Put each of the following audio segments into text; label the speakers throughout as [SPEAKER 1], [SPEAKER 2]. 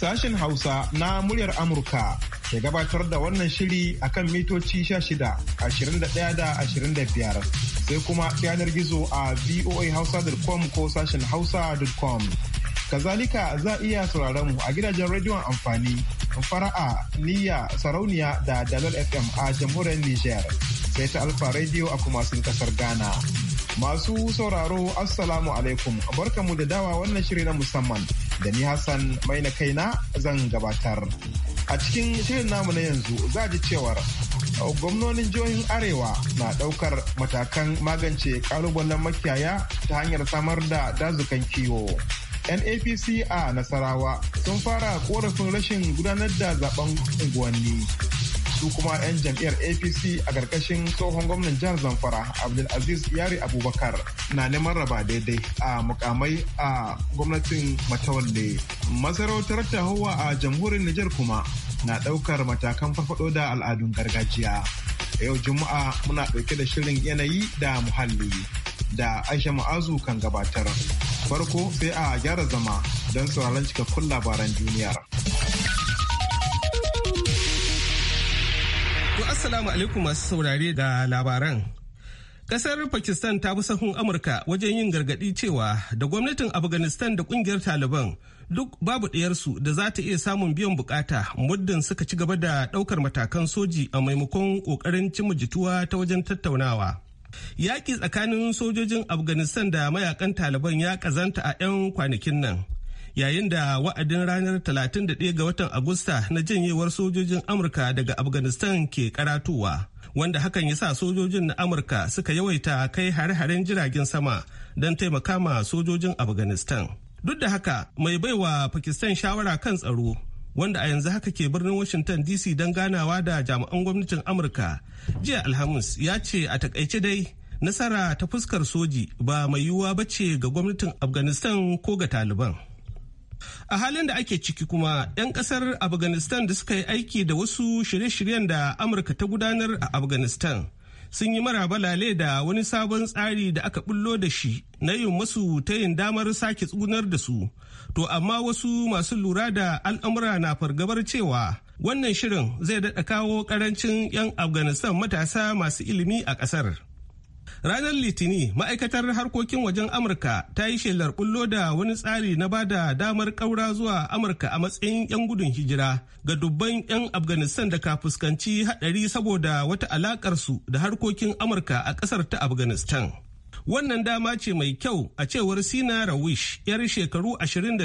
[SPEAKER 1] Sashen Hausa na muryar Amurka ke gabatar da wannan shiri akan mitoci 16, 21 da 25 sai kuma yanar gizo a voahausa.com ko sashen hausa.com. Kazalika za iya sauraron mu a gidajen rediyon amfani fara'a, niyya, sarauniya da dalar FM a jamhuriyar Nijar sai ta Alfa Radio a kumasin kasar Ghana. Masu sauraro, Assalamu alaikum, barkamu da dawa wannan shiri na musamman. da ni Hassan mai na kaina zan gabatar. A cikin shirin namu na yanzu za ji cewar uh, gwamnonin jihohin arewa na daukar matakan magance kalubalen makiyaya ta hanyar samar da dazukan kiwo. NAPC a Nasarawa sun fara korafin rashin gudanar da zaben unguwanni. su kuma 'yan jam'iyyar apc a ƙarƙashin tsohon gwamnan jihar zamfara abdulaziz yari abubakar na neman raba daidai a mukamai a gwamnatin matawalle masarautar tahowa a jamhuriyar nijar kuma na ɗaukar matakan farfaɗo da al'adun gargajiya yau juma'a muna ɗauke da shirin yanayi da muhalli da aisha ma'azu kan gabatar farko sai a gyara zama don sauraron cikakkun labaran duniyar Assalamu alaikum masu saurare da labaran.
[SPEAKER 2] Kasar Pakistan ta bi sahun Amurka wajen yin gargadi cewa da gwamnatin Afghanistan da ƙungiyar Taliban duk babu ɗayarsu da za ta iya samun biyan bukata muddin suka ci gaba da ɗaukar matakan soji a maimakon ƙoƙarin cimma jituwa ta wajen tattaunawa. Yaƙi tsakanin sojojin Afghanistan da mayakan Taliban ya ƙazanta a 'yan kwanakin nan. yayin da wa'adin ranar 31 ga watan Agusta na janyewar sojojin Amurka daga Afghanistan ke karatowa. Wanda hakan ya sa sojojin na Amurka suka yawaita kai hare-haren jiragen sama don taimaka ma sojojin Afghanistan. Duk da haka mai baiwa Pakistan shawara kan tsaro wanda a yanzu haka ke birnin Washington DC don ganawa da jami'an gwamnatin Amurka. Jiya Alhamis ya ce a takaice dai nasara ta fuskar soji ba mai yiwuwa ba ce ga gwamnatin Afghanistan ko ga Taliban. a halin da ake ciki kuma 'yan kasar afghanistan da suka yi aiki da wasu shirye-shiryen da amurka ta gudanar a afghanistan sun yi mara balale da wani sabon tsari da aka bullo da shi na yin masu ta yin damar sake tsunar da su to amma wasu masu lura da al'amura na fargabar cewa wannan shirin zai daɗa kawo ƙarancin 'yan afghanistan matasa masu ilimi a ƙasar. Ranar Litini, ma'aikatar harkokin wajen Amurka ta yi shelar kullo da wani tsari na bada damar ƙaura zuwa Amurka a matsayin 'yan gudun hijira ga dubban 'yan Afghanistan da ka fuskanci haɗari saboda wata alaƙarsu da harkokin Amurka a ƙasar ta Afghanistan. Wannan dama ce mai kyau a cewar Sina Rawish, 'yar shekaru 28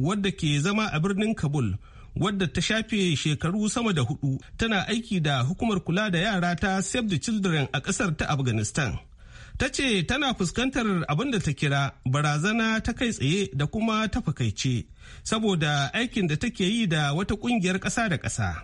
[SPEAKER 2] wadda ke zama a birnin Kabul. wadda ta shafe shekaru sama da hudu tana aiki da hukumar kula da yara ta Save the Children a kasar ta Afghanistan. ta ce tana fuskantar abin da ta kira barazana ta kai tsaye da kuma ta fakaice saboda aikin da take yi da wata kungiyar ƙasa da ƙasa.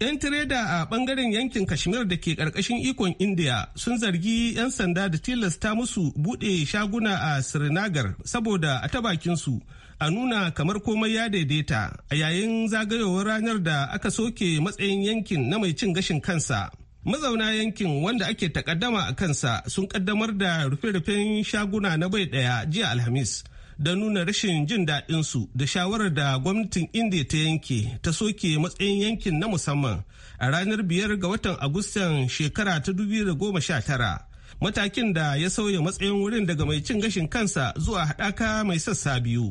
[SPEAKER 2] 'Yan tireda a bangaren yankin Kashmir da ke ƙarƙashin ikon India sun zargi 'yan sanda da tilasta musu buɗe shaguna a Srinagar saboda a ta bakinsu a nuna kamar komai ya daidaita a yayin zagayowar ranar da aka soke matsayin yankin na mai cin gashin kansa. mazauna yankin wanda ake takaddama a kansa sun kaddamar da rufe-rufen shaguna na bai daya jiya alhamis da nuna rashin jin daɗinsu da shawarar da gwamnatin indiya ta yanke ta soke matsayin yankin na musamman a ranar biyar ga watan agustan shekara ta 2019 matakin da ya sauya matsayin wurin daga mai cin gashin kansa zuwa haɗaka mai sassa biyu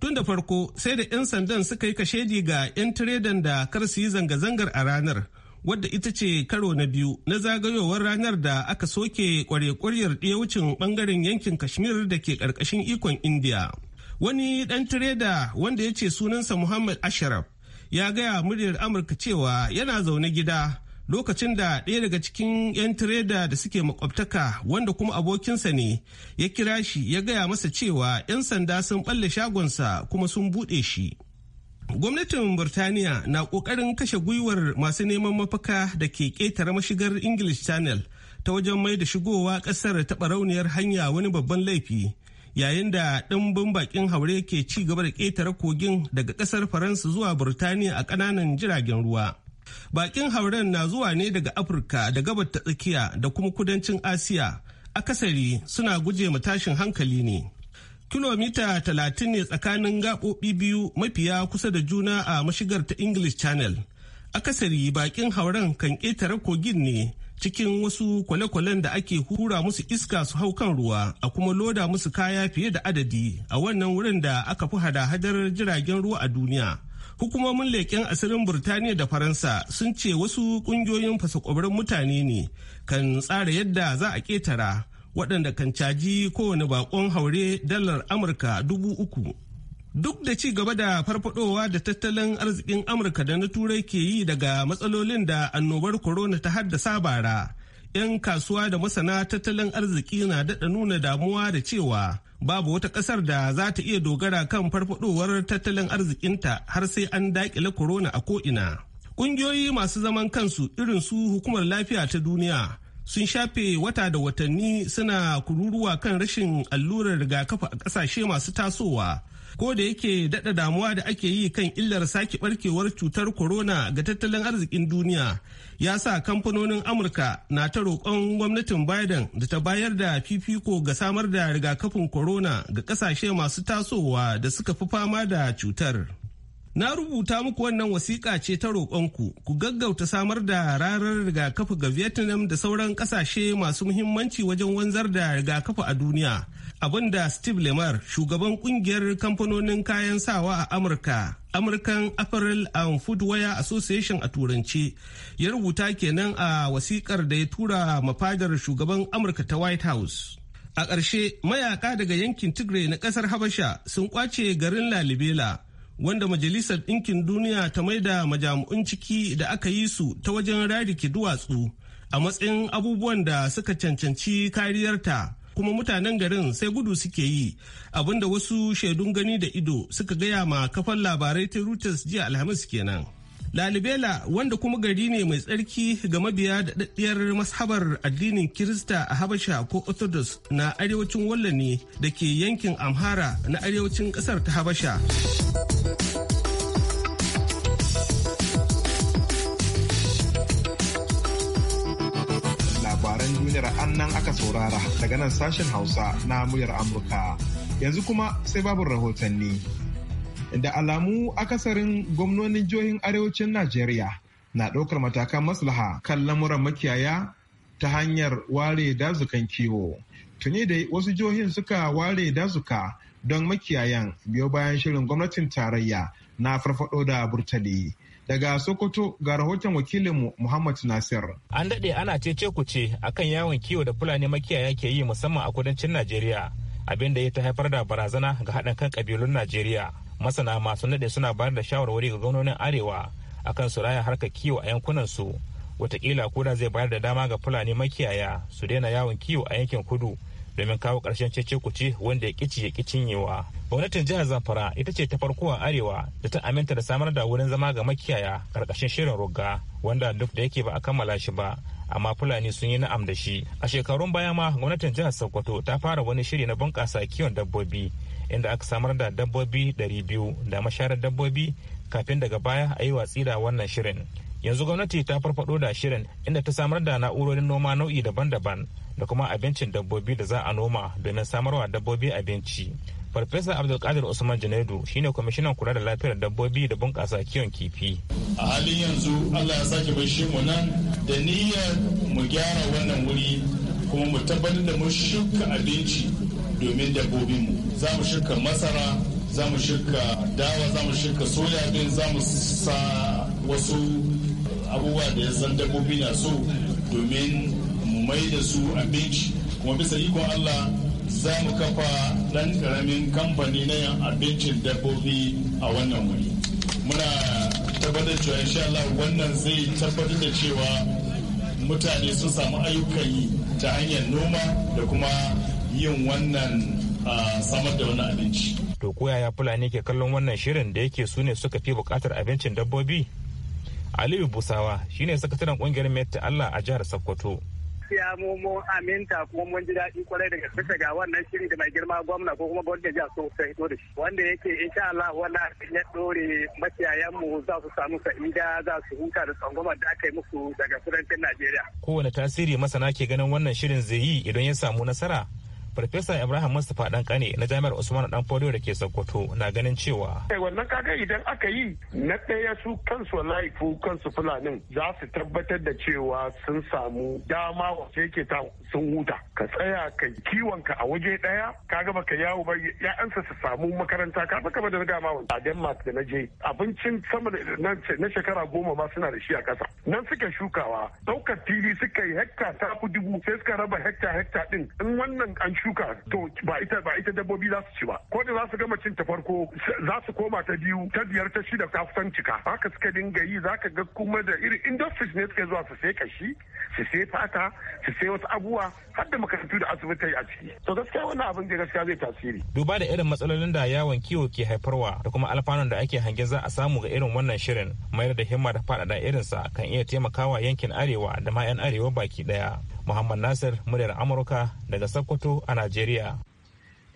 [SPEAKER 2] tun da farko sai da 'yan sandan suka yi kashedi ga 'yan tiredan da kar su yi zanga-zangar a ranar wadda ita ce karo na biyu na zagayowar ranar da aka soke kware-kwaryar wucin ɓangaren yankin kashmir da ke ƙarƙashin ikon india wani ɗan tireda wanda ya ce sunansa muhammad ashraf ya gaya muryar amurka cewa yana zaune gida lokacin da ɗaya daga cikin 'yan tireda da suke makwabtaka wanda kuma abokinsa ne ya kira shi ya gaya masa cewa 'yan sanda sun ɓalla shagonsa kuma sun buɗe shi. Gwamnatin Burtaniya na ƙoƙarin kashe gwiwar masu neman mafaka da ke ƙetare mashigar English Channel ta wajen mai da shigowa ƙasar ta barauniyar hanya wani babban laifi yayin da ɗimbin bakin haure ke ci gaba da ƙetare kogin daga ƙasar Faransa zuwa Burtaniya a ƙananan jiragen ruwa. Bakin hauren na zuwa ne daga Afirka da gabar ta tsakiya da kuma kudancin Asiya. Akasari suna guje tashin hankali ne. kilomita talatin ne tsakanin gaɓoɓi biyu mafiya kusa da juna a mashigar ta english channel akasari bakin hauren kan ƙetare kogin ne cikin wasu kwale-kwalen da ake hura musu iska su hau kan ruwa a kuma loda musu kaya fiye da adadi a wannan wurin da aka fi hada-hadar jiragen ruwa a duniya hukumomin leƙen asirin burtaniya da faransa sun ce wasu ƙungiyoyin fasa mutane ne kan tsara yadda za a ƙetara waɗanda kan caji kowane bakon haure dalar amurka dubu uku duk da ci gaba da farfadowa da tattalin arzikin amurka da na turai ke yi daga matsalolin da annobar corona ta haddasa bara 'yan kasuwa da masana tattalin arziki na daɗa nuna damuwa da cewa babu wata ƙasar da za ta iya dogara kan farfadowar tattalin arzikinta har sai an daƙile corona a ko'ina ƙungiyoyi masu zaman kansu irin su hukumar lafiya ta duniya sun shafe wata da watanni suna kururuwa kan rashin allurar rigakafi a ƙasashe masu tasowa ko da yake daɗa damuwa da ake yi kan illar sake barkewar cutar corona ga tattalin arzikin duniya ya sa kamfanonin amurka na ta roƙon gwamnatin biden da ta bayar da fifiko ga samar da rigakafin corona ga ƙasashe masu tasowa da suka fi fama da cutar Na rubuta muku wannan wasiƙa ce ta roƙonku ku gaggauta samar da ranar rigakafi ga Vietnam da sauran ƙasashe masu muhimmanci wajen wanzar da rigakafi a duniya. da Steve Lemar, shugaban ƙungiyar kamfanonin kayan sawa a Amurka, American Apparel and Footwear Association a Turance, ya rubuta kenan a wasiƙar da ya tura mafadar shugaban Amurka ta White House. A ƙarshe, mayaƙa daga yankin Tigray na ƙasar Habasha sun ƙwace garin Lalibela. wanda majalisar ɗinkin duniya ta maida majami'un ciki da aka yi su ta wajen rariki duwatsu a matsayin abubuwan da suka cancanci kariyarta kuma mutanen garin sai gudu suke yi abinda wasu shaidun gani da ido suka gaya ma kafan labarai ta reuters jiya alhamis kenan. Lalibela wanda kuma gari ne mai tsarki ga mabiya da mashabar addinin Kirista a Habasha ko Orthodox na arewacin Wallani da ke yankin Amhara na arewacin
[SPEAKER 1] Ƙasar ta Habasha. Labaran duniyar annan aka saurara daga nan sashen Hausa na muryar Amurka. Yanzu kuma sai babu rahotanni. da alamu akasarin gwamnonin jihohin arewacin najeriya na ɗaukar matakan maslaha kan lamuran makiyaya ta hanyar ware dazukan kiwo tuni da wasu jihohin suka ware dazuka don makiyayan biyo bayan shirin gwamnatin tarayya na farfado da burtali daga sokoto ga rahoton wakilinmu muhammad nasir
[SPEAKER 3] an daɗe ana cece kuce akan yawon kiwo da fulani makiyaya ke yi musamman a kudancin najeriya abin da ya ta haifar da barazana ga haɗin kan ƙabilun najeriya masana masu nade suna bayar da shawarwari ga gwamnonin arewa akan su raya harkar kiwo a yankunan su watakila koda zai bayar da dama ga fulani makiyaya su daina yawon kiwo a yankin kudu domin kawo karshen cece-kuce wanda ya kici ya cinyewa. Gwamnatin jihar Zamfara ita ce ta farko a Arewa da ta aminta da samar da wurin zama ga makiyaya ƙarƙashin shirin rugga wanda duk da yake ba a kammala shi ba amma Fulani sun yi na'am da shi. A shekarun baya ma gwamnatin jihar Sokoto ta fara wani shiri na bunƙasa kiwon dabbobi inda aka samar da dabbobi 200 da masharar dabbobi kafin daga baya a yi watsi da wannan shirin yanzu gwamnati ta farfado da shirin inda ta samar da na'urorin noma nau'i daban-daban da kuma abincin dabbobi da za a noma domin samarwa dabbobi abinci farfesa abdulkadir usman janaidu shine kwamishinan kula da lafiyar dabbobi da bunƙasa kiwon kifi a halin
[SPEAKER 4] yanzu allah ya sake bashe mu nan da niyyar mu gyara wannan wuri kuma mu tabbatar da mu shuka abinci domin dabbobinmu za mu shirka masara za mu shirka dawa za mu shirka soya bin za mu sa wasu abubuwa da ya san dabbobi na so domin mu mai da su abinci kuma bisa ikon allah za mu kafa ɗan ƙaramin kamfani na yin abincin dabbobi a wannan wuri muna tabbatar cewa insha allah wannan zai tabbatar da cewa mutane sun samu ayyukan yi ta hanyar
[SPEAKER 3] noma da kuma yin wannan samar da wannan abinci. To ko Fulani ke kallon wannan shirin da yake su ne suka fi bukatar abincin dabbobi? Aliyu Busawa shi ne sakataren kungiyar Metta Allah a jihar Sokoto.
[SPEAKER 4] Ya mu aminta kuma mun ji daɗi kwarai daga suka ga wannan shiri da mai girma gwamna ko kuma gwamnati jiya so ta shi wanda yake insha Allah wannan ya dore makiyayan mu za su samu sa'ida za su huta da tsangwamar da aka yi musu daga kudancin Najeriya.
[SPEAKER 3] Kowane tasiri masana ke ganin wannan shirin zai yi idan ya samu nasara? Farfesa Ibrahim Mustapha kane na Jami'ar Usman dan fodo da ke Sokoto na ganin cewa.
[SPEAKER 4] Eh, wannan kaga idan aka yi na ɗaya su kansu wallahi ko kansu fulanin za su tabbatar da cewa sun samu dama wace yake ta sun huta. Ka tsaya ka kiwonka a waje ɗaya ka gaba ka yawo ba ya'yansa su samu makaranta ka ba da dama ma a Denmark da na je abincin sama na shekara goma ma suna
[SPEAKER 5] da shi a ƙasa.
[SPEAKER 6] Nan suke
[SPEAKER 4] shukawa ɗaukar
[SPEAKER 6] fili suka yi hekta ta fi dubu sai suka raba hekta
[SPEAKER 4] hekta ɗin in wannan an shuka shuka to ba ita ba ita dabbobi za su ci ba ko da za su gama cin ta farko za su koma ta biyu ta biyar ta shida ta kusan cika haka suka dinga yi zaka ga kuma da irin industries ne suka zuwa su sai kashi su sai fata su sai wasu abubuwa har da makarantu da asibitai a ciki to gaskiya wannan abin da gaskiya zai tasiri duba da irin matsalolin
[SPEAKER 3] da yawon kiwo ke haifarwa da kuma alfanun da ake hangen za a samu ga irin wannan shirin mayar da himma da faɗaɗa irinsa kan iya taimakawa yankin arewa da ma 'yan arewa baki ɗaya Muhammad Nasir muryar Amurka daga Sokoto a Najeriya.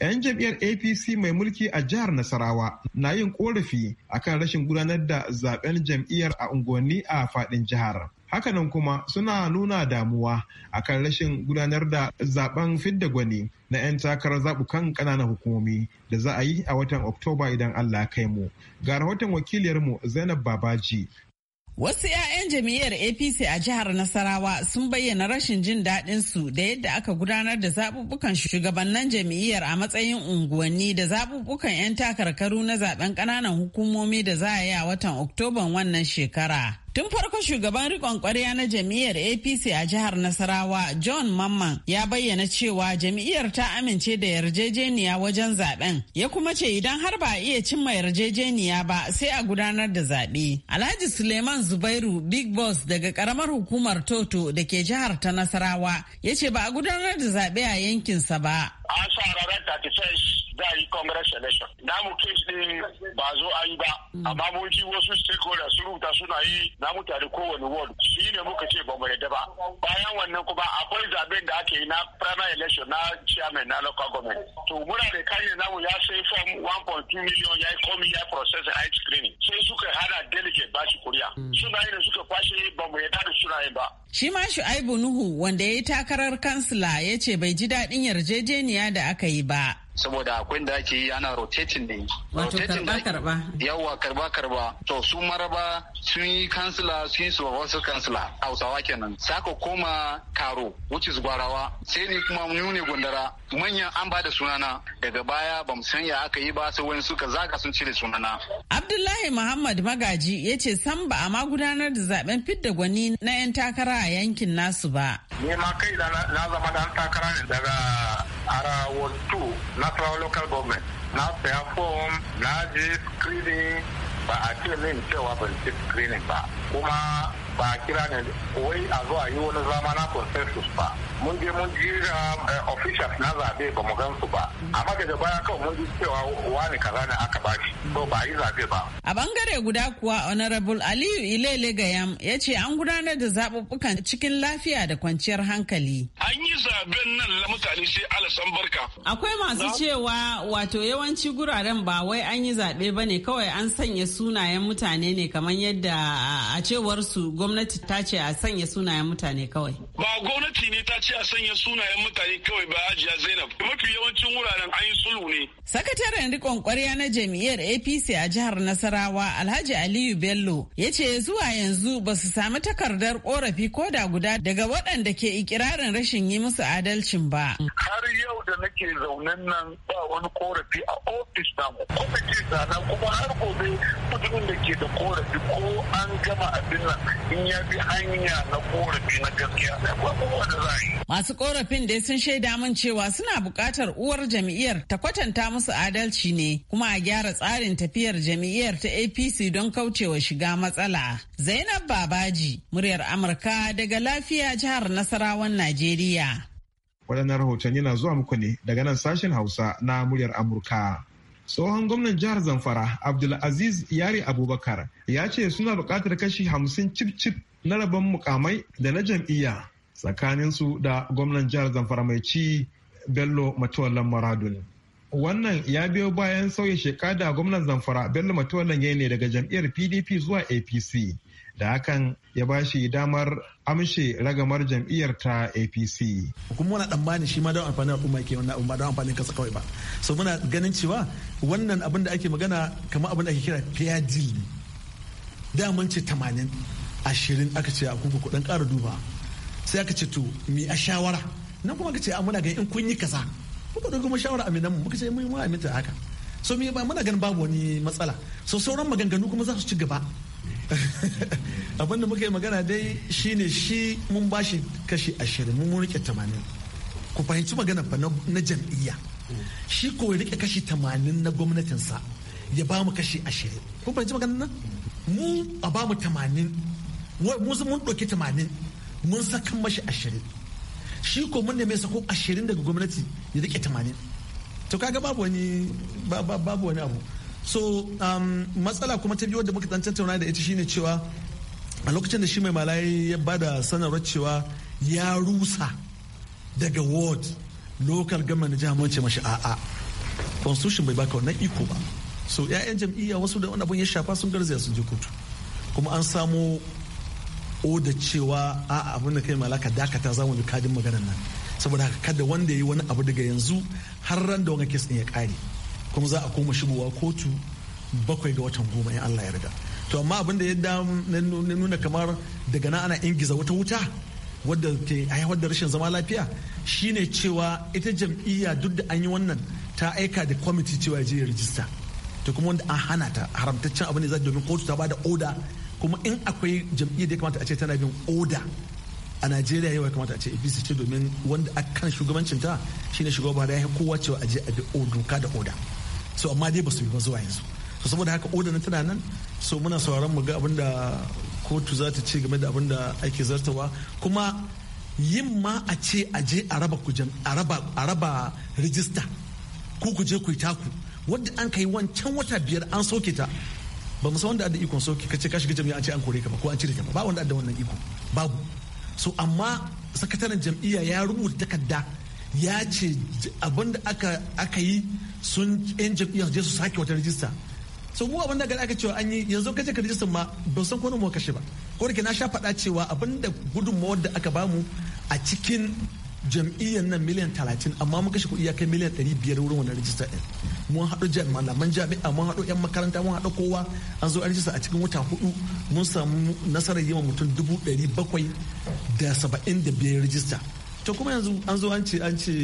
[SPEAKER 1] 'Yan jam'iyyar APC mai mulki a jihar Nasarawa na yin korafi akan rashin gudanar da zaben jam'iyyar a unguwanni a faɗin jihar. Hakanan kuma suna nuna damuwa akan rashin gudanar da zaben fidda gwani na 'yan takarar zabukan ƙananan hukumomi da za a yi a watan Oktoba idan Allah kai mu. Ga rahoton wakiliyarmu Zainab Babaji Wasu
[SPEAKER 7] 'ya'yan jam'iyyar APC a jihar Nasarawa sun bayyana rashin jin daɗin su da yadda aka gudanar da zaɓuɓɓukan shugabannin jam'iyyar a matsayin unguwanni da zaɓuɓɓukan 'yan takarkaru na zaben ƙananan hukumomi da za a yi a watan Oktoban wannan shekara. Tun farko shugaban rikon kwarya na jam'iyyar APC a jihar Nasarawa John Mamman ya bayyana cewa jam'iyyar ta amince da yarjejeniya wajen zaben ya kuma ce idan har ba a iya cimma yarjejeniya ba sai a gudanar da zaɓe. Alhaji Suleiman Zubairu Big Boss daga karamar hukumar Toto da ke jihar ta Nasarawa ya ce ba a gudanar da zaɓe a yankinsa ba.
[SPEAKER 4] an sa ranar 31 za a yi congress election namu case din ba zo an yi ba mm. amma mun ji wasu stakeholders sun rubuta suna yi na mutane kowane ward shi ne muka ce ba mu yadda ba bayan wannan kuma akwai zaben da ake yi na primary election na chairman na local government to muna da kanye namu ya sai form 1.2 million ya yi komi ya process a screening sai suka hana delegate ba shi kuriya mm. suna yi da suka kwashe ba mu yadda da suna yi ba
[SPEAKER 7] Shi ma Shu'aibu Nuhu wanda ya yi takarar kansila ya ce bai ji daɗin yarjejeniya da aka yi ba.
[SPEAKER 4] saboda akwai da ake yi ana rotating ne wato karba karba Yawwa karba karba to su maraba sun yi kansila sun yi wasu kansila hausawa kenan saka koma karo which is gwarawa sai ni kuma mu ne gondara manyan an ba da sunana daga baya ba mu sanya aka yi ba sai wani suka zaka sun cire sunana
[SPEAKER 7] abdullahi muhammad magaji ya ce san ba a ma gudanar da zaben fidda gwani na yan takara a yankin nasu ba
[SPEAKER 4] ni ma kai na zama dan takara ne daga ara nasarawa local government na saya form na je screening ba a ce min cewa ban ci screening ba kuma ba a kira ne wai a zo a yi wani zama na consensus ba mun je mun jira eh, officials na zabe ba mu su ba amma daga baya kawai mun ji cewa wani kaza ne aka bashi to ba yi zabe ba
[SPEAKER 7] a bangare guda kuwa honorable aliyu ilele gayam ya ce an gudanar da zaɓuɓɓukan cikin lafiya da kwanciyar hankali
[SPEAKER 4] an yi zaben nan la mutane sai alasan barka akwai masu
[SPEAKER 7] cewa wato yawanci guraren ba wai an yi zaɓe ba ne kawai an sanya sunayen mutane ne kamar yadda a cewar su gwamnati ta ce a sanya sunayen mutane kawai. Ba
[SPEAKER 4] gwamnati ne ta ce a sanya sunayen mutane kawai ba Hajiya Zainab. Mafi yawancin wuraren an yi sulhu ne.
[SPEAKER 7] Sakataren rikon kwarya na jam'iyyar APC a jihar Nasarawa Alhaji Aliyu Bello ya ce zuwa yanzu ba su sami takardar korafi ko da guda daga waɗanda ke ikirarin rashin yi musu adalcin ba.
[SPEAKER 4] Har yau da nake zaune nan ba wani korafi a ofis namu kuma ke zana kuma har gobe mutumin da ke da korafi ko an gama abin nan in ya bi hanya na korafi na gaskiya abubuwa da
[SPEAKER 7] Masu korafin dai sun shaida min cewa suna buƙatar uwar jam'iyyar ta kwatanta musu adalci ne kuma a gyara tsarin tafiyar jam'iyyar ta APC don kaucewa shiga matsala. Zainab Babaji, muryar Amurka daga lafiya jihar Nasarawan Najeriya.
[SPEAKER 1] Waɗannan rahoton yana zuwa muku ne daga nan sashen Hausa na muryar Amurka. tsohon gwamnan jihar zamfara abdulaziz yari abubakar ya ce suna buƙatar kashi hamsin cip-cip na rabon mukamai da na jam'iyya tsakaninsu da gwamnan jihar zamfara mai ci bello matuwallan maradun wannan ya biyo bayan sauya sheka da gwamnan zamfara bello matuwallan ya ne daga jam'iyyar pdp zuwa apc da hakan ya ba shi damar amshe ragamar jam'iyyar ta apc kuma muna tsammanin
[SPEAKER 5] shi ma don amfanin al'umma yake wannan abu ba don amfanin kasa kawai ba so muna ganin cewa wannan abin da ake magana kamar abin da ake kira fair deal ne daman ce tamanin ashirin aka ce a kuka kudin ƙara duba sai aka ce to mi a shawara nan kuma ka ce muna ganin in kun yi kasa kuka da kuma shawara a minan mu muka ce mun aminta haka so mi ba muna ganin babu wani matsala so sauran maganganu kuma za su ci gaba abin da muka yi magana dai shine shi mun bashi kashi ashirin mun rike tamanin ku fahimci magana fa na jam'iyya shi ko ya rike kashi tamanin na gwamnatinsa ya ba mu kashi ashirin ku fahimci magana nan mu a ba mu tamanin mun ɗauki tamanin mun sakan mashi ashirin shi ko mun mai sako ashirin daga gwamnati ya rike tamanin to kaga babu wani babu wani abu so um, matsala kuma ta biyu wadda muka tattauna da ita shine cewa a lokacin da shi mai malayi ya bada sanarwar cewa ya rusa daga ward local government jihar mace mashi a'a constitution bai baka wannan iko ba so 'ya'yan jam'iyya wasu da wani abun ya shafa sun garzaya sun je kotu kuma an samo oda cewa a abin da kai malaka dakata za mu bi kadin maganar nan saboda haka kada wanda ya yi wani abu daga yanzu har ran da wani kes ɗin ya ƙare kuma za a koma shigowa kotu bakwai ga watan goma in Allah ya riga to amma abin da ya nuna kamar daga nan ana ingiza wata wuta wadda ke haifar da rashin zama lafiya shine cewa ita jam'iyya duk da an yi wannan ta aika da kwamiti cewa je ya rijista to kuma wanda an hana ta haramtaccen abin ne za domin kotu ta bada oda kuma in akwai jam'iyyar da ya kamata a ce tana bin oda a najeriya yau ya kamata a ce apc ce domin wanda a kan shugabancinta shine shugaba da ya kowa cewa a je a bi doka da oda so amma dai ba su ba zuwa yanzu so saboda haka oda tana nan so muna sauraron mu ga abin da kotu za ta ce game da abin da ake zartawa kuma yin ma a ce a je a raba kujan a raba rijista ko ku je ku yi taku wanda an kai wancan wata biyar an soke ta ba mu san wanda da ikon soke kace ka shiga jami'a an ce an kore ka ba ko an cire ka ba wanda da wannan iko babu so amma sakataren jam'iyya ya rubuta takarda ya ce abin da aka yi sun yan jam'iyyar je su sake wata rijista so mu abin da gani aka cewa an yi yanzu ka je ka rijistar ma ban san ko mu kashe ba ko da ke na sha faɗa cewa abin da gudunmawar da aka bamu a cikin jam'iyyar nan miliyan talatin amma mun kashe kuɗi ya kai miliyan ɗari biyar wurin wannan rijista ɗin mun haɗu malaman jami'a mun haɗu 'yan makaranta mun haɗu kowa an zo rijista a cikin wata hudu mun samu nasarar yi mutum dubu ɗari bakwai da saba'in da biyar rijista to kuma yanzu an zo an ce an ce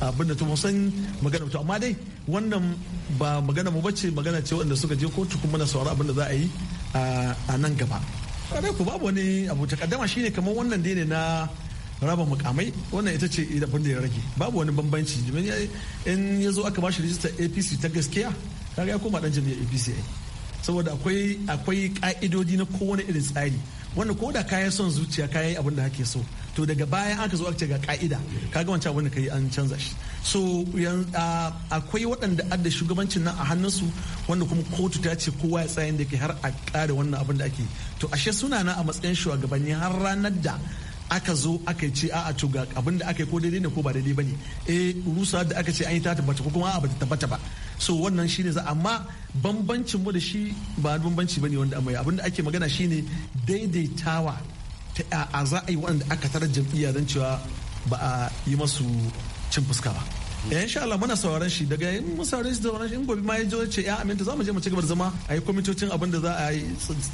[SPEAKER 5] abin da tumo san magana to amma dai wannan ba magana mu bace magana ce waɗanda suka je kotu kuma na saurari abin da za a yi a nan gaba kare ku babu wani abu kaddama shine kamar wannan dai ne na raba mukamai wannan ita ce abin da ya rage babu wani bambanci in ya zo aka bashi rijistar apc ta gaskiya kaga ya koma dan jamia apc saboda akwai akwai ka'idodi na kowane irin tsari wanda ko da kayan son zuciya kayan abin da kake so to daga baya aka zo aka ce ga ka'ida kaga wancan abin da kai an canza shi so akwai waɗanda adda shugabancin nan a hannunsu wanda kuma kotu ta ce kowa ya tsayin da ke har a ƙare wannan abin da ake to ashe suna na a matsayin shugabanni har ranar da aka zo aka ce a'a to ga abin da aka yi ko daidai ne ko ba daidai ne eh rusa da aka ce an yi ta tabbata ko kuma ba ta tabbata ba so wannan shine za amma bambancin mu da shi ba bambanci ne wanda amma abin da ake magana shine daidaitawa ta a za a yi waɗanda aka tarar jam'iyya don cewa ba a yi masu cin fuska ba ya mm. eh, insha Allah muna sauraron shi daga yin mun sauraron shi sauraron shi in gobe ma ya jiwa ce ya aminta za mu je mu ci gaba da zama a yi kwamitocin abin da za a yi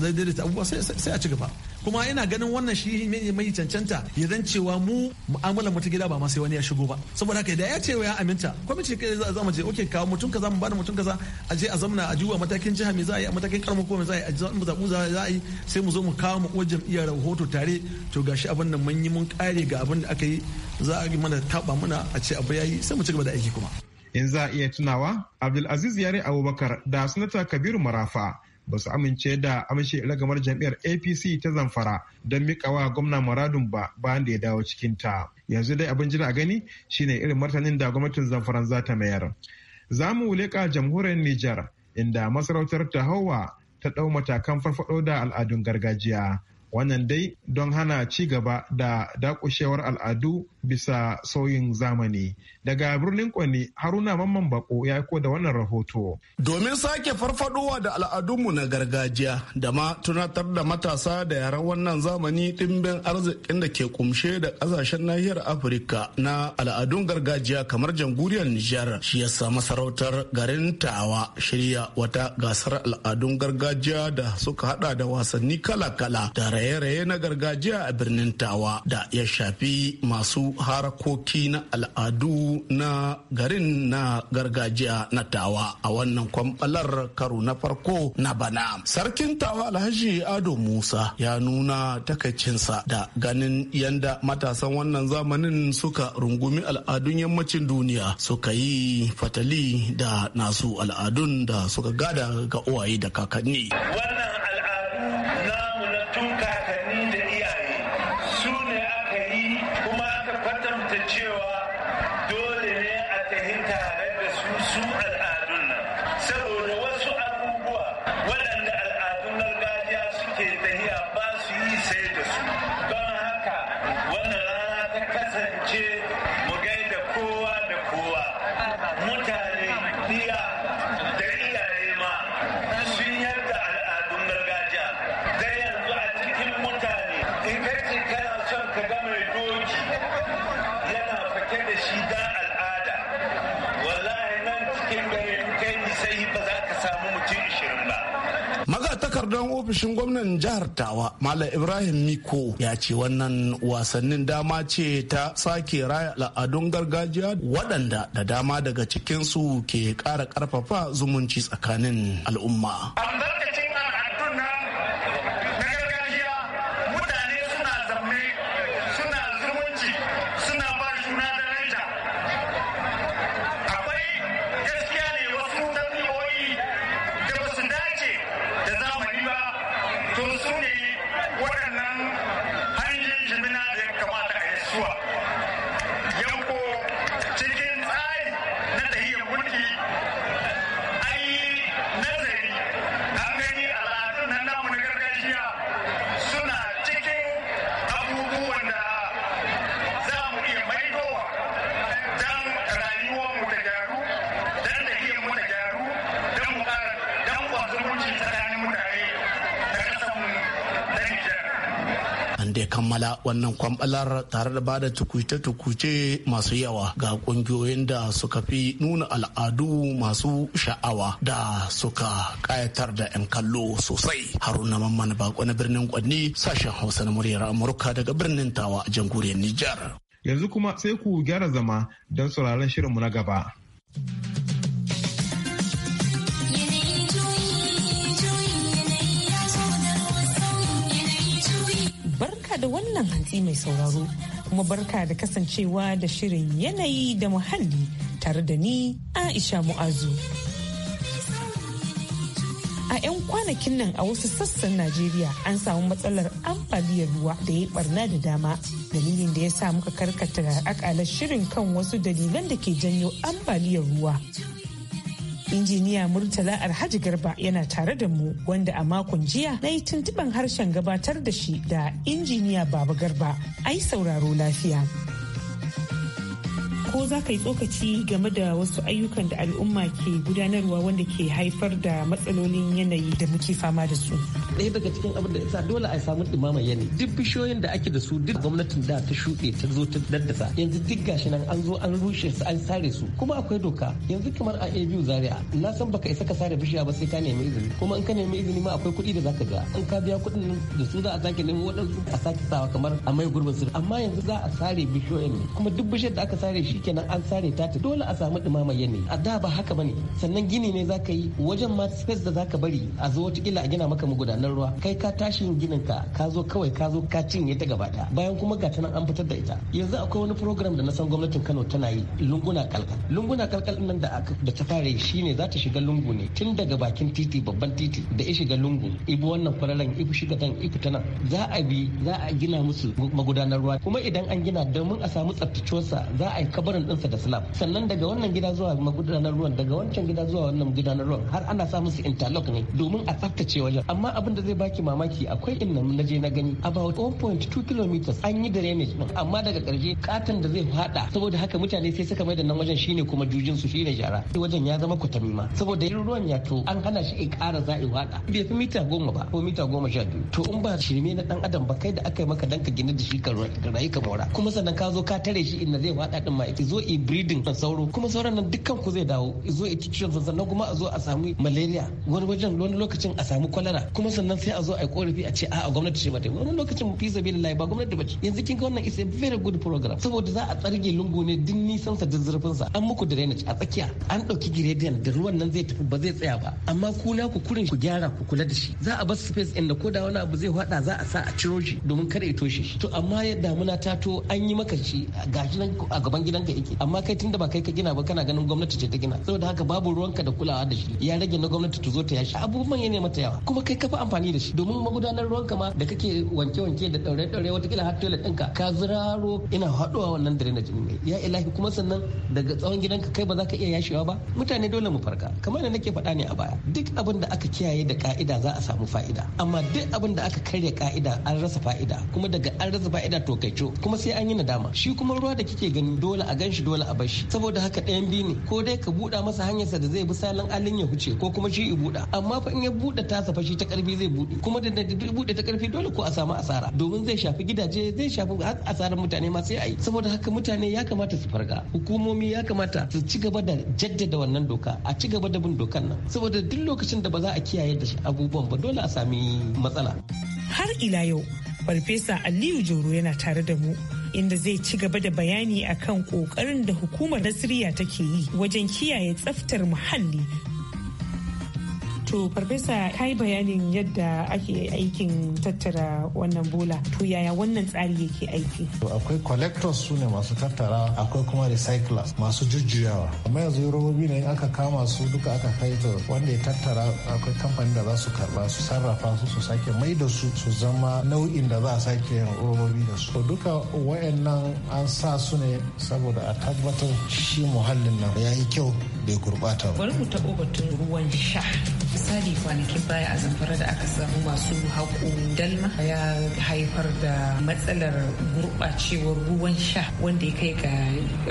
[SPEAKER 5] daidaita abubuwa sai a ci gaba kuma ina ganin wannan shi mai cancanta ya zan cewa mu mu'amalar mu gida ba ma sai wani ya shigo ba saboda haka da ya ce ya aminta kwamiti kai za zama je oke kawo mutum kaza mu bada mutum kaza a je a zamna a juwa matakin jiha mai za a yi a matakin karamar ko me za a yi a mu zaɓu za a yi sai mu zo mu kawo mu uwar jam'iyyar rahoto tare to gashi abin da mun yi mun kare ga abin da aka yi za a yi mana taba muna a ce abu ya yi sai mu ci gaba da aiki kuma in za a iya tunawa abdulaziz yare
[SPEAKER 1] abubakar da sanata kabiru marafa ba su amince da amshe ragamar jam'iyyar apc ta zamfara don mikawa gwamna muradun ba bayan da ya dawo cikinta yanzu dai abin jira gani shine irin martanin da gwamnatin zamfaran za ta mayar za mu leƙa jamhuriyar nijar inda masarautar ta tahowa ta ɗau matakan farfaɗo da al'adun gargajiya wannan dai don hana ci gaba da dakushewar al'adu bisa sauyin zamani. Daga birnin Kwani Haruna Mamman Bako ya ko da wannan rahoto.
[SPEAKER 4] Domin sake farfadowa da al'adunmu na gargajiya da ma tunatar da matasa da yaran wannan zamani ɗimbin arzikin da ke kumshe da ƙasashen nahiyar Afirka na al'adun gargajiya kamar jamhuriyar Nijar shi yasa masarautar garin Tawa shirya wata gasar al'adun gargajiya da suka hada da wasanni kala-kala da raye-raye na gargajiya a birnin Tawa da ya shafi masu harakoki na al'adu na garin na gargajiya na tawa a wannan kwamɓalar karo na farko na bana sarkin tawa alhaji ado musa ya nuna takaicinsa da ganin yanda matasan wannan zamanin suka rungumi al'adun yammacin duniya suka yi fatali da nasu al'adun da suka gada ga uwaye da kakanni wannan al'adu namu na tun kakanni da iyaye kuma aka kwatanta cewa dole ne a tahi tare da su su al'adu ofishin gwamnan jihar Tawa Malam Ibrahim Miko ya ce wannan wasannin dama ce ta sake raya al'adun gargajiya waɗanda da dama daga cikinsu ke ƙara ƙarfafa zumunci tsakanin al'umma. kammala wannan kwamɓalar tare da bada tukuce-tukuce masu yawa ga ƙungiyoyin da suka fi nuna al'adu masu sha'awa da suka ƙayatar da 'yan kallo sosai haruna mamman bako na birnin kwanni sashen hausa na muryar amurka daga birnin tawa a jamhuriyar nijar yanzu kuma sai ku gyara
[SPEAKER 1] zama don sauraron shirinmu na gaba.
[SPEAKER 6] da wannan hantsi mai sauraro kuma barka da kasancewa da shirin yanayi da muhalli tare da ni Aisha Mu'azu. A 'yan kwanakin nan a wasu sassan Najeriya an samu matsalar ambaliyar ruwa da ya barna da dama. Dalilin da ya sa muka karkata akalar shirin kan wasu dalilan da ke janyo ambaliyar ruwa. Injiniya Murtala Alhaji Garba yana tare da mu wanda a makon jiya na yi tuntuɓar harshen gabatar da shi da injiniya Baba Garba. Ai sauraro lafiya. Ko za ka yi tsokaci game da wasu ayyukan da al'umma ke gudanarwa wanda ke haifar da matsalolin yanayi da muke fama da su.
[SPEAKER 8] ɗaya daga cikin abin da yasa dole a samu dumama yanayi duk bishiyoyin da ake da su duk gwamnatin da ta shuɗe ta zo ta daddasa yanzu duk gashi nan an zo an rushe su an sare su kuma akwai doka yanzu kamar a abu zaria na san baka isa ka sare bishiya ba sai ka nemi izini kuma in ka nemi izini ma akwai kuɗi da zaka ga. in ka biya kuɗin da su za a sake nemi waɗansu a sake sawa kamar a mai gurbin su amma yanzu za a sare bishiyoyin ne kuma duk bishiyar da aka sare shi kenan an sare ta ta dole a samu dumama yanayi a da ba haka ne. sannan gini ne zaka yi wajen ma space da ka bari a zo wata a gina maka magudanar magudanar ruwa kai ka tashin ginin ka ka zo kawai ka zo ka cinye ta gabata bayan kuma ga nan an fitar da ita yanzu akwai wani program da na san gwamnatin Kano tana yi lunguna kalkal lunguna kalkal nan da da ta fara yi shine za ta shiga lungu ne tun daga bakin titi babban titi da ya shiga lungu ibu wannan kwararren ibu shiga dan ibi ta za a bi za a gina musu magudanar ruwa kuma idan an gina domin a samu tsaftacewarsa za a yi kabarin ɗinsa da slab sannan daga wannan gida zuwa magudanar ruwan daga wancan gida zuwa wannan gudanar ruwan har ana sa musu interlock ne domin a tsaftace wajen amma abin zai baki mamaki akwai inda na naje na gani about 1.2 kilometers an yi drainage din amma daga karshe katon da zai fada saboda haka mutane sai suka mai da nan wajen shine kuma jujin su shine jara wajen ya zama kwatami saboda yin ruwan ya to an hana shi ƙara za'i fada bai fi mita goma ba ko mita goma sha biyu to in ba shirme na dan adam ba kai da aka yi maka dan ka gina da shi ka rayu ka mora kuma sannan ka zo ka tare shi inda zai fada din ma zo i breeding na sauro kuma sauran nan dukkan ku zai dawo zo i cikin sannan kuma a zo a samu malaria wani wajen wani lokacin a samu kwalara kuma sannan sai a zo a korafi a ce a gwamnati ce ba wani lokacin fi ba gwamnati ba ce yanzu kin ga wannan is a very good program saboda za a tsarge lungu ne din nisan sa da zurfin sa an muku drainage a tsakiya an dauki gradient da ruwan nan zai tafi ba zai tsaya ba amma ku na ku kurin ku gyara ku kula da shi za a bar space da ko da wani abu zai hada za a sa a ciro shi domin kada ya toshe shi to amma yadda damuna ta to an yi maka shi ga nan a gaban gidanka yake amma kai tunda ba kai ka gina ba kana ganin gwamnati ce ta gina saboda haka babu ruwanka da kulawa da shi ya rage na gwamnati ta zo ta yashi abubuwan ya ne mata yawa kuma kai kafa amfani da shi domin magudanar ruwan kama da kake wanke-wanke da ɗaure-ɗaure watakila har toilet ɗinka ka ziraro ina haɗuwa wannan drainage ne ya ilahi kuma sannan daga tsawon gidanka kai ba za ka iya yashewa ba mutane dole mu farka kamar da nake faɗa ne a baya duk abin da aka kiyaye da ka'ida za a samu fa'ida amma duk abin da aka karya ka'ida an rasa fa'ida kuma daga an rasa fa'ida to kai kuma sai an yi nadama shi kuma ruwa da kike gani dole a ganshi dole a bashi saboda haka ɗayan biyu ne ko dai ka buɗa masa hanyarsa da zai bi salon alin ya huce ko kuma shi i buɗa amma fa in ya buɗe tasa fa ta karbi wuri zai buɗe kuma da buɗe ta karfi dole ko a samu asara domin zai shafi gidaje zai shafi asarar mutane ma sai ayi saboda haka mutane ya kamata su farga hukumomi ya kamata su ci gaba da jaddada wannan doka a ci gaba da bin dokan nan saboda
[SPEAKER 6] duk lokacin da ba za a kiyaye da abubuwan ba dole a sami matsala har ila yau farfesa aliyu joro yana tare da mu inda zai ci gaba da bayani akan kokarin da hukumar nasiriya take yi wajen kiyaye tsaftar muhalli To farfesa kai bayanin yadda ake aikin tattara wannan bola. To yaya wannan tsari yake aiki?
[SPEAKER 9] Akwai collectors su ne masu tattara akwai kuma recyclers masu jujjuyawa. Amma yanzu robobi ne aka kama su duka aka kai to wanda ya tattara akwai kamfanin da za su karba su sarrafa su su sake mai da su su zama nau'in da za a sake yin robobi da su. To duka wayannan an sa su ne saboda a tabbatar shi muhallin nan ya yi kyau bai gurbata ba. Bari
[SPEAKER 6] mu taɓo batun ruwan sha. misali kwanakin baya a zamfara da aka samu masu haƙo dalma ya haifar da matsalar gurɓacewar ruwan sha wanda ya kai ga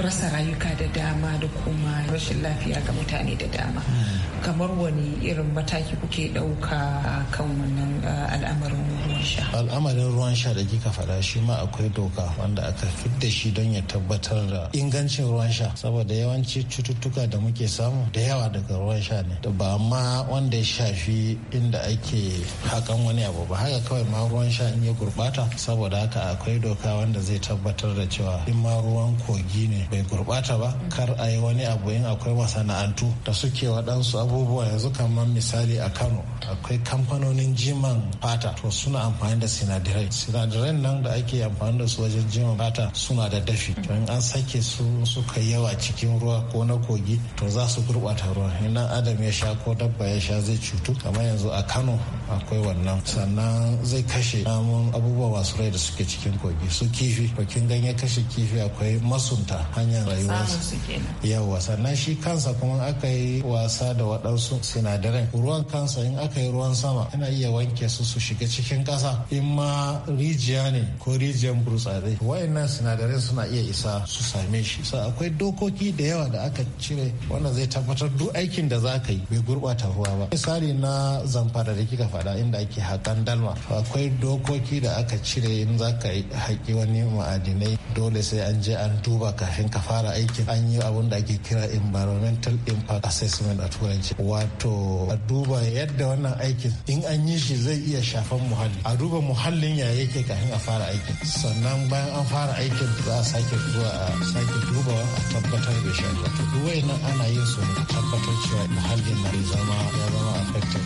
[SPEAKER 6] rasa rayuka da dama da kuma rashin lafiya ga mutane da dama hmm. kamar wani irin mataki kuke ɗauka kan wannan eh, al'amarin sha
[SPEAKER 9] al'amarin ruwan sha da kika faɗa shi ma akwai doka wanda aka fidda shi don ya tabbatar da ingancin ruwan sha saboda yawanci cututtuka da muke samu da yawa daga ruwan sha ne da ba ma wanda ya shafi inda ake hakan wani abu ba haka kawai ma ruwan sha in ya gurɓata saboda haka akwai doka wanda zai tabbatar da cewa in ma ruwan kogi ne bai gurɓata ba kar a yi wani abu in akwai masana'antu da suke waɗansu abubuwa yanzu kamar misali a kano akwai kamfanonin jiman fata to suna amfani da sinadarai sinadarai nan da ake amfani da su wajen jima. fata suna da dafi to in an sake su suka yawa cikin ruwa ko na kogi to za su gurɓata ruwa in adam ya sha ko dabba ya sha zai cutu kamar yanzu a kano akwai wannan sannan zai kashe namun abubuwa masu rai da suke cikin kogi su kifi Bakin ganye kashe kifi akwai masunta hanyar rayuwarsu yawa sannan shi kansa kuma aka yi wasa da waɗansu sinadaran ruwan kansa in aka yi ruwan sama yana iya wanke su su shiga cikin ƙasa ƙasa in ma rijiya ne ko rijiyan burtsatse wayannan sinadarai suna iya isa su same shi sa akwai dokoki da yawa da aka cire wanda zai tabbatar duk aikin da za ka yi bai gurbata ruwa ba misali na zamfara da kika faɗa inda ake haƙan dalma akwai dokoki da aka cire in za ka haƙi wani ma'adinai dole sai an je an duba kafin ka fara aikin an yi abun da ake kira environmental impact assessment a turanci wato a duba yadda wannan aikin in an yi shi zai iya shafan muhalli a a duba muhallin ya yake kafin a fara aikin sannan bayan an fara aikin za a sake zuwa a sake duba a tabbatar da shi duk wayannan ana yin su ne tabbatar cewa muhallin na zama ya zama affected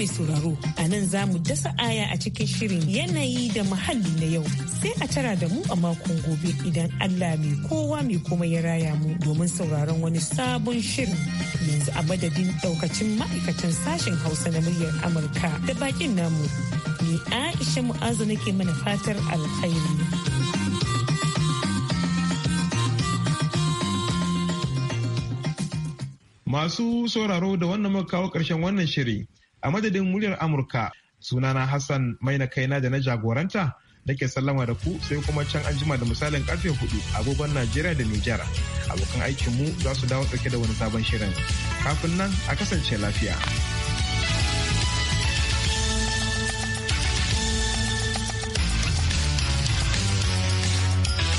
[SPEAKER 6] mai sauraro a nan za mu dasa aya a cikin shirin yanayi da muhalli na yau sai a tara da mu a makon gobe idan Allah mai kowa mai kuma ya raya mu domin sauraron wani sabon shirin yanzu a madadin daukacin ma'aikatan sashen hausa na muryar amurka da bakin namu ni aisha mu'azu nake mana fatar alkhairi.
[SPEAKER 1] Masu sauraro da wannan kawo ƙarshen wannan shiri a madadin muryar amurka sunana hassan maina kaina da na jagoranta da ke sallama da ku sai kuma can an jima da misalin karfe hudu agogon najeriya da nijar abokan aikinmu za su dawo dauke da wani sabon shirin kafin nan a kasance lafiya.